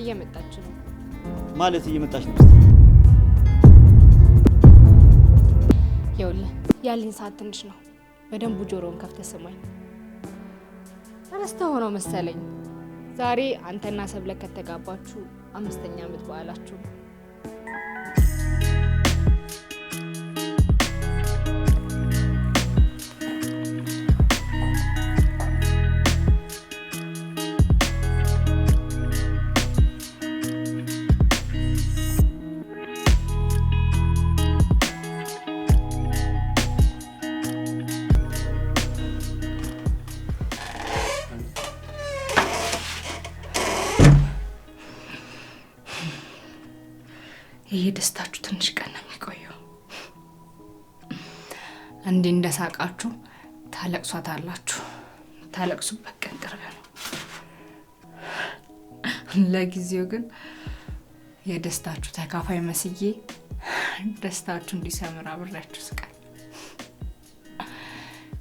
እየመጣች ነው ማለት እየመጣች ነው። ይኸውልህ ያለኝ ሰዓት ትንሽ ነው። በደንቡ ጆሮውን ከፍተህ ስማኝ። ተነስተ ሆነው መሰለኝ ዛሬ አንተና ሰብለ ከተጋባችሁ አምስተኛ አመት በዓላችሁ እየሳቃችሁ ታለቅሷታላችሁ። ታለቅሱበት ቀን ቅርብ ነው። ለጊዜው ግን የደስታችሁ ተካፋይ መስዬ ደስታችሁ እንዲሰምር አብሬያችሁ ስቃል።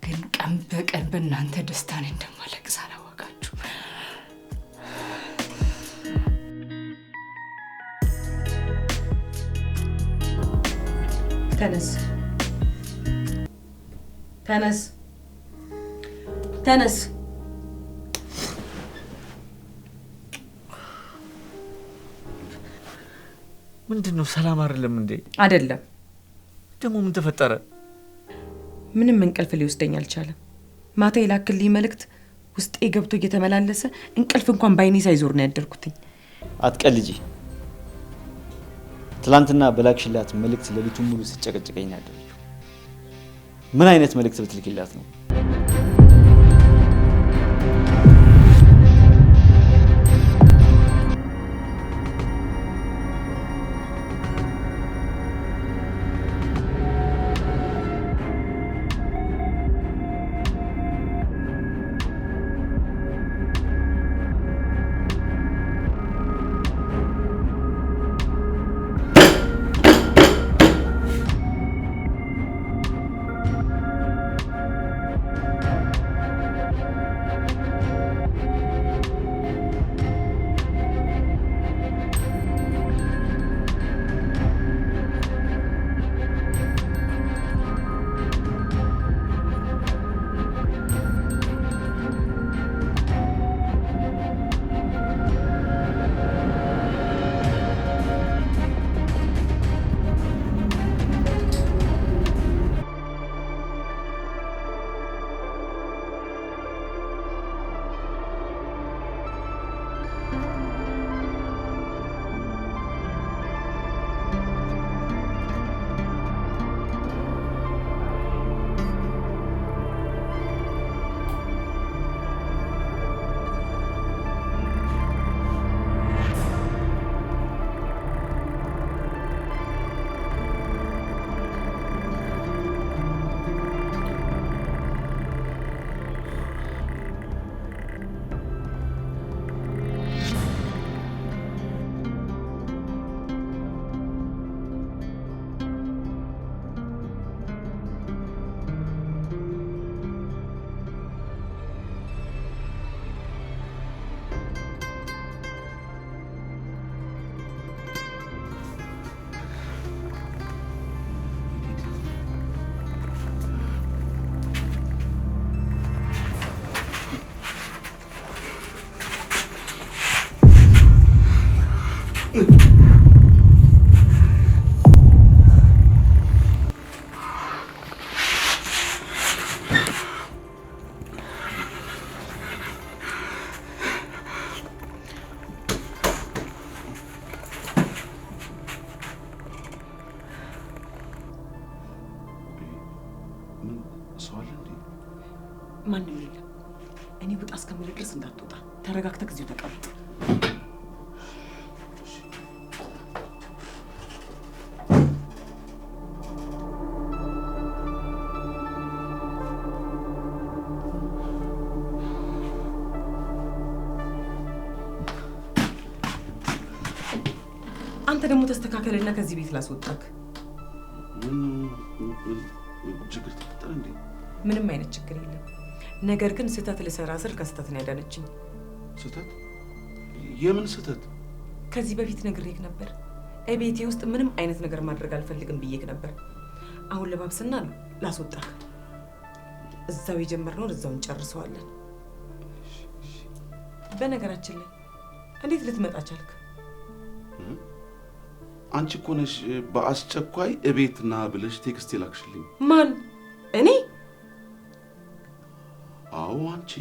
ግን ቀን በቀን በእናንተ ደስታን እንደማለቅስ አላወቃችሁ። ተነስ ተነስ ተነስ። ምንድን ነው? ሰላም አይደለም እንዴ? አይደለም። ደግሞ ምን ተፈጠረ? ምንም እንቅልፍ ሊወስደኝ አልቻለም። ማታ የላክልኝ መልእክት ውስጤ ገብቶ እየተመላለሰ እንቅልፍ እንኳን በአይኔ ሳይዞር ነው ያደርኩትኝ። አትቀልጂ። ትላንትና በላክሽላት መልእክት ሌሊቱን ሙሉ ስጨቀጭቀኝ ነበር። ምን አይነት መልእክት ብትልክላት ነው? ተረጋግተህ ጊዜው ተቀመጥ። አንተ ደግሞ ተስተካከልና ከዚህ ቤት ላስወጣክ። ችግር ተፈጠረ እንዴ? ምንም አይነት ችግር የለም። ነገር ግን ስህተት ልሰራ ስል ከስህተት ነው ያዳነችኝ። ስህተት? የምን ስህተት? ከዚህ በፊት ነግሬህ ነበር። እቤቴ ውስጥ ምንም አይነት ነገር ማድረግ አልፈልግም ብዬህ ነበር። አሁን ለባብስና ነው ላስወጣህ። እዛው የጀመርነውን እዛው እንጨርሰዋለን። በነገራችን ላይ እንዴት ልትመጣ ቻልክ? አንቺ እኮ ነሽ በአስቸኳይ እቤት ና ብለሽ ቴክስት የላክሽልኝ። ማን? እኔ? አዎ አንቺ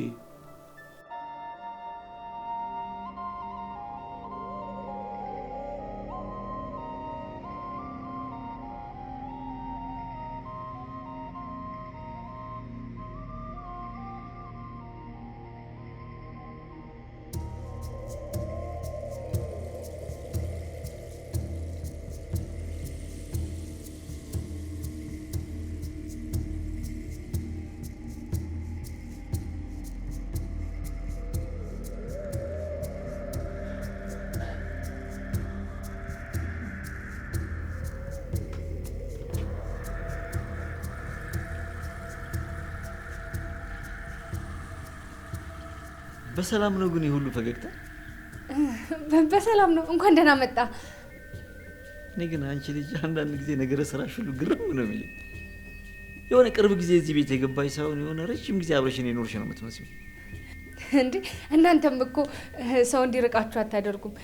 በሰላም ነው ግን የሁሉ ፈገግታ? በሰላም ነው። እንኳን ደህና መጣ። እኔ ግን አንቺ ልጅ አንዳንድ ጊዜ ነገረ ስራሽ ሁሉ ግርም ነው የሚለኝ። የሆነ ቅርብ ጊዜ እዚህ ቤት የገባሽ ሳይሆን የሆነ ረጅም ጊዜ አብረሽን የኖርሽ ነው የምትመስሉ። እንዴ እናንተም እኮ ሰው እንዲርቃችሁ አታደርጉም።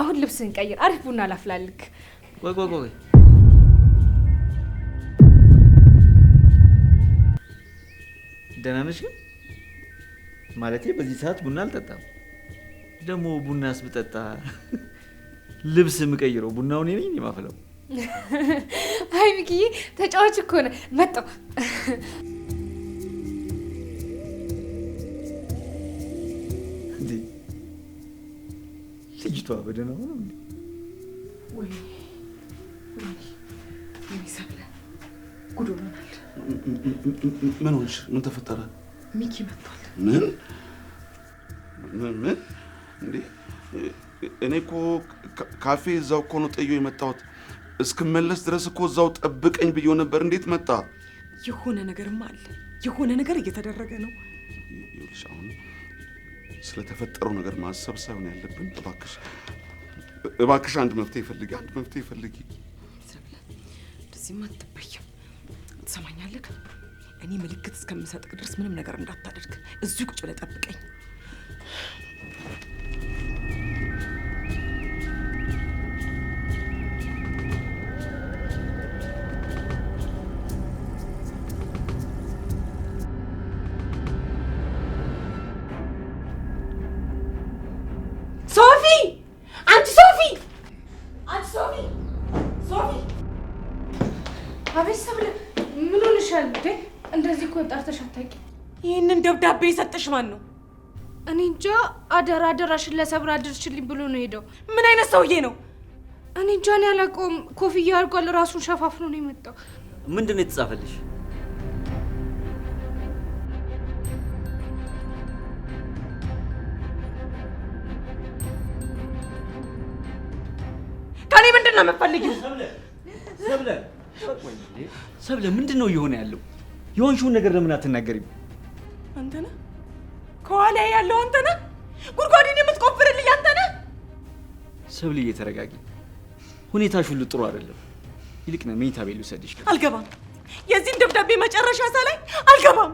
አሁን ልብስን ቀይር፣ አሪፍ ቡና ላፍላልክ። ቆይ ቆይ ቆይ ደህና ነሽ ግን ማለቴ በዚህ ሰዓት ቡና አልጠጣም። ደግሞ ቡናስ ብጠጣ ልብስ የምቀይረው ቡናውን እኔ ነኝ የማፈለው። አይ ሚኪዬ ተጫዋች እኮ ነህ። መጣሁ ልጅቷ በደህና ሆነ ጉድ ሆናል። ምን ሆንሽ? ምን ተፈጠረ? ሚኪ መጥቷል። ምን ምን? እንዴ እኔ እኮ ካፌ እዛው እኮ ነው ጥዬው የመጣሁት። እስክመለስ ድረስ እኮ እዛው ጠብቀኝ ብዬው ነበር። እንዴት መጣ? የሆነ ነገርማ አለ። የሆነ ነገር እየተደረገ ነው። ይኸውልሽ አሁን ስለተፈጠረው ነገር ማሰብ ሳይሆን ያለብን እባክሽ እባክሽ አንድ መፍትሄ ይፈልጊ፣ አንድ መፍትሄ ይፈልጊ። ስለዚህ አትበይም፣ ትሰማኛለህ? እኔ ምልክት እስከምሰጥቅ ድረስ ምንም ነገር እንዳታደርግ፣ እዚሁ ቁጭ ብለህ ጠብቀኝ። ደብዳቤ የሰጠሽ ማን ነው? እኔ እንጃ። አደራ አደራሽን ለሰብራ አድርሽልኝ ብሎ ነው ሄደው። ምን አይነት ሰውዬ ነው? እኔ እንጃ። እኔ አላውቀውም። ኮፍያ አድርጓል። ራሱን ሸፋፍኖ ነው የመጣው። ምንድን ነው የተጻፈልሽ? ከኔ ምንድን ነው የምትፈልጊው? ሰብለ፣ ምንድን ነው እየሆነ ያለው? የሆንሽውን ነገር ለምን አትናገሪም? ከኋላ ያለው አንተ ነህ። ጉድጓዴን የምትቆፍርልኝ አንተ ነህ። ሰብልዬ ተረጋጊ። ሁኔታሽ ሁሉ ጥሩ አይደለም። ይልቅ ነው መኝታ ቤት ልውሰድሽ። አልገባም። የዚህን ደብዳቤ መጨረሻ ሳላይ አልገባም።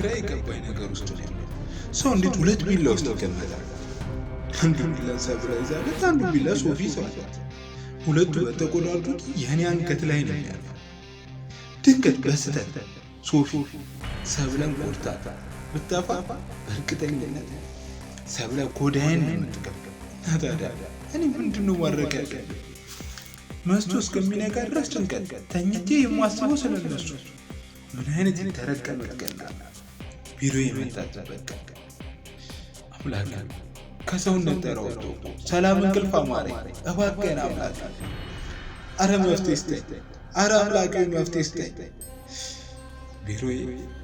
ግራ የገባኝ ነገር ውስጥ ነው። ሰው እንዴት ሁለት ቢላ ውስጥ ይቀመጣል? አንዱ ቢላ ሰብራ ይዛለት፣ አንዱ ቢላ ሶፊ ሰዋት። ሁለቱ በተቆዳዱት የእኔ አንገት ላይ ነው ያለው። ድንገት በስተት ሶፊ ሰብለን ቆርጣታ ብታፋ በእርግጠኝነት ሰብለ ኮዳይን ነው የምትቀበል። ታዲያ እኔ ምንድነው ማድረግ ያለ መስቶ እስከሚነጋ ድረስ ጭንቀት ተኝቼ የማስበው ስለነሱ ምን አይነት ተረቀ ቀናል ቢሮ የመጣችበት ቀን አምላክ ከሰውነት ጠራ ሰላም እንቅልፍ አማረኝ። እባክህን አምላክ አረ መፍትሄ ስጠኝ፣ አረ አምላክ መፍትሄ ስጠኝ። ቢሮዬ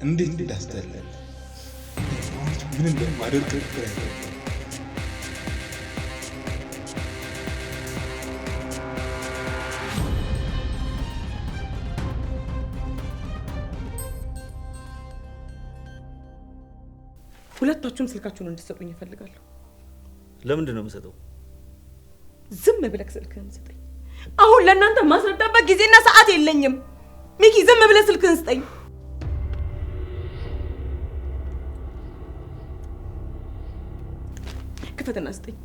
እንዴት እንዳስጠላል ምን እንደማደርግ ሁለታችሁም ስልካችሁን እንድትሰጡኝ እፈልጋለሁ። ለምንድን ነው የምሰጠው? ዝም ብለህ ስልክህን ስጠኝ። አሁን ለእናንተ ማስረዳበት ጊዜና ሰዓት የለኝም። ሚኪ ዝም ብለህ ስልክህን ስጠኝ። ክፈትና ስጠኝ።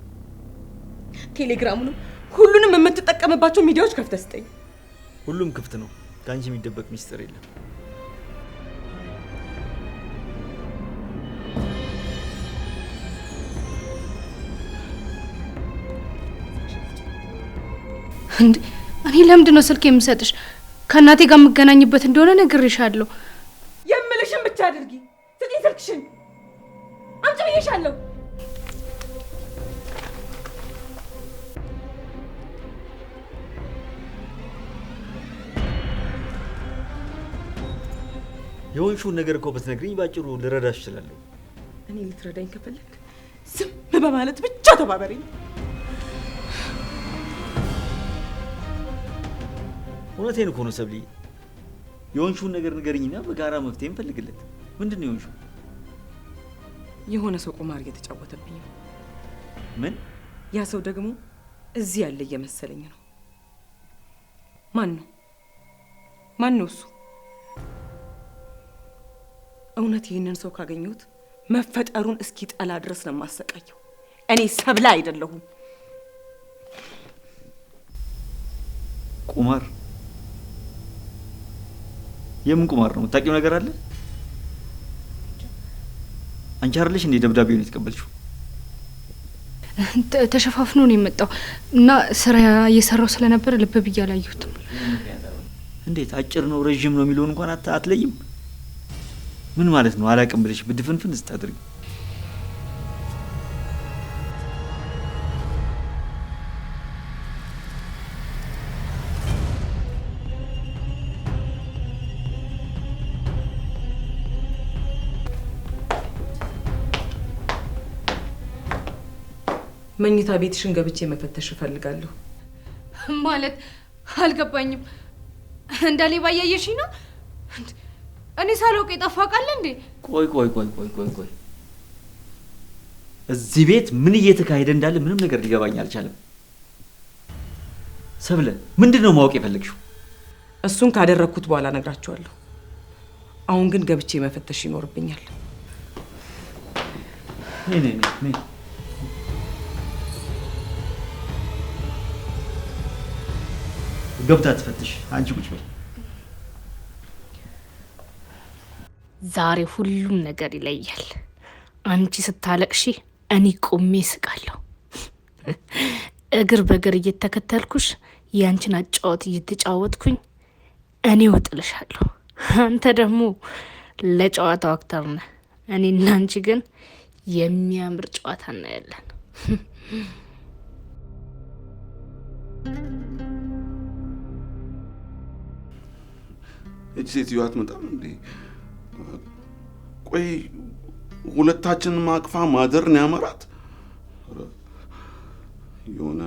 ቴሌግራሙንም ሁሉንም የምትጠቀምባቸው ሚዲያዎች ከፍተህ ስጠኝ። ሁሉም ክፍት ነው። ከአንቺ የሚደበቅ ሚስጥር የለም። እንዴ እኔ ለምንድን ነው ስልክ የምሰጥሽ? ከእናቴ ጋር የምገናኝበት እንደሆነ ነግሬሻለሁ። የምልሽን ብቻ አድርጊ። ስጪኝ ስልክሽን። አምጪ ብዬሻለሁ። የሆንሽውን ነገር እኮ ብትነግሪኝ ባጭሩ ልረዳሽ እችላለሁ። እኔ ልትረዳኝ ከፈለግ ዝም በማለት ብቻ ተባበሪኝ። እውነቴን እኮ ነው ሰብልዬ። የሆንሽውን ነገር ንገርኝና በጋራ መፍትሄ እንፈልግለት። ምንድን ነው የሆንሽው? የሆነ ሰው ቁማር እየተጫወተብኝ ነው። ምን? ያ ሰው ደግሞ እዚህ ያለ እየመሰለኝ ነው። ማን ነው? ማን ነው እሱ? እውነት ይህንን ሰው ካገኘሁት መፈጠሩን እስኪ ጠላ ድረስ ነው የማሰቃየው። እኔ ሰብላ አይደለሁም። ቁማር የምን ቁማር ነው? የምታውቂው ነገር አለ? አንቺ አይደለሽ እንዴ ነው የተቀበልሽው? ተሸፋፍኖ ነው የመጣው እና ስራ እየሰራው ስለነበር ልብ ብዬ አላየሁትም። እንዴት አጭር ነው ረዥም ነው የሚለውን እንኳን አትለይም? ምን ማለት ነው? አላቅም ብለሽ ብድፍንፍን መኝታ ቤትሽን ገብቼ መፈተሽ እፈልጋለሁ። ማለት አልገባኝም። እንደ ሌባ እያየሽኝ ነው። እኔ ሳላውቅ የጠፋ ቃል እንዴ? ቆይ ቆይ ቆይ ቆይ ቆይ ቆይ እዚህ ቤት ምን እየተካሄደ እንዳለ ምንም ነገር ሊገባኝ አልቻለም። ሰብለ፣ ምንድን ነው ማወቅ የፈለግሽው? እሱን ካደረግኩት በኋላ ነግራችኋለሁ። አሁን ግን ገብቼ መፈተሽ ይኖርብኛል። ገብታ ትፈትሽ። አንቺ ቁጭ በይ። ዛሬ ሁሉም ነገር ይለያል። አንቺ ስታለቅሺ እኔ ቆሜ ስቃለሁ። እግር በእግር እየተከተልኩሽ ያንቺን አጫወት እየተጫወትኩኝ እኔ ወጥልሻለሁ። አንተ ደግሞ ለጨዋታው አክተር ነህ። እኔ እና አንቺ ግን የሚያምር ጨዋታ እናያለን። እች ሴትዮ አትመጣም እንዴ? ቆይ ሁለታችንን ማቅፋ ማደርን ያመራት? የሆነ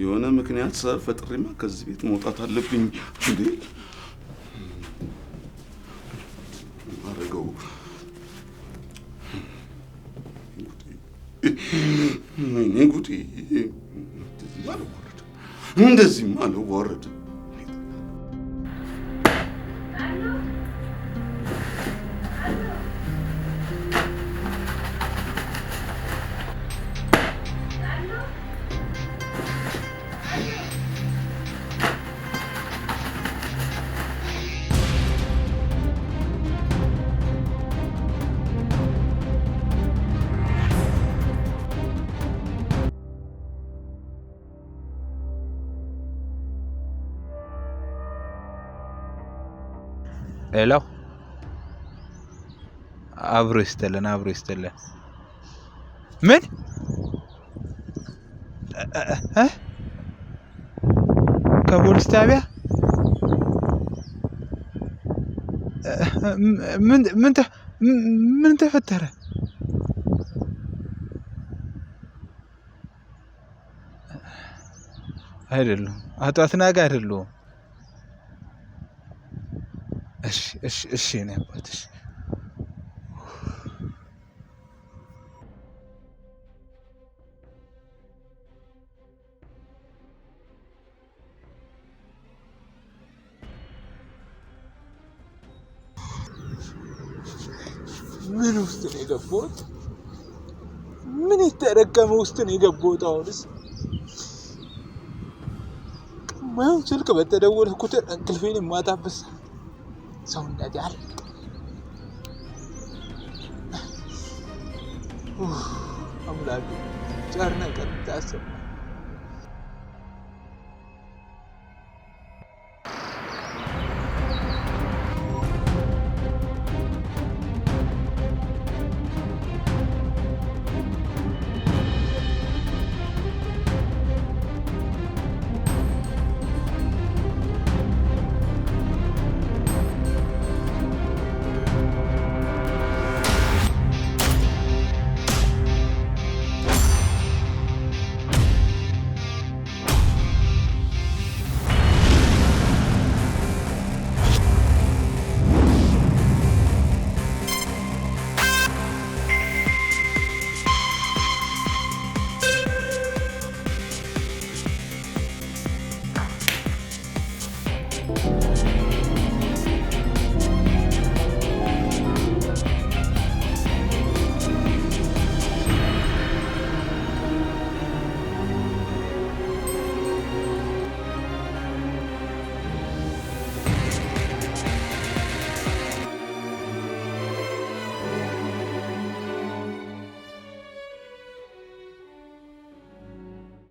የሆነ ምክንያት ሰር ፈጥሬማ ከዚህ ቤት መውጣት አለብኝ። እንዴ ማድረገው ጉዴ! እንደዚህማ አልዋረድም። ሌላው አብሮ ይስጥልን፣ አብሮ ይስጥልን። ምን ከፖሊስ ጣቢያ ምን ተፈጠረ? አይደሉም። አቶ አስናቀ አይደሉም። ايش ايش هنا ايش من وسطني قبوت؟ من يتركى من وسطني قبوت أورس؟ ما يوم سلك بتدور كتر أنكل فيني ما تعبس ሰው እንደዚህ አለ። አምላክ ጨነቀን ታስብ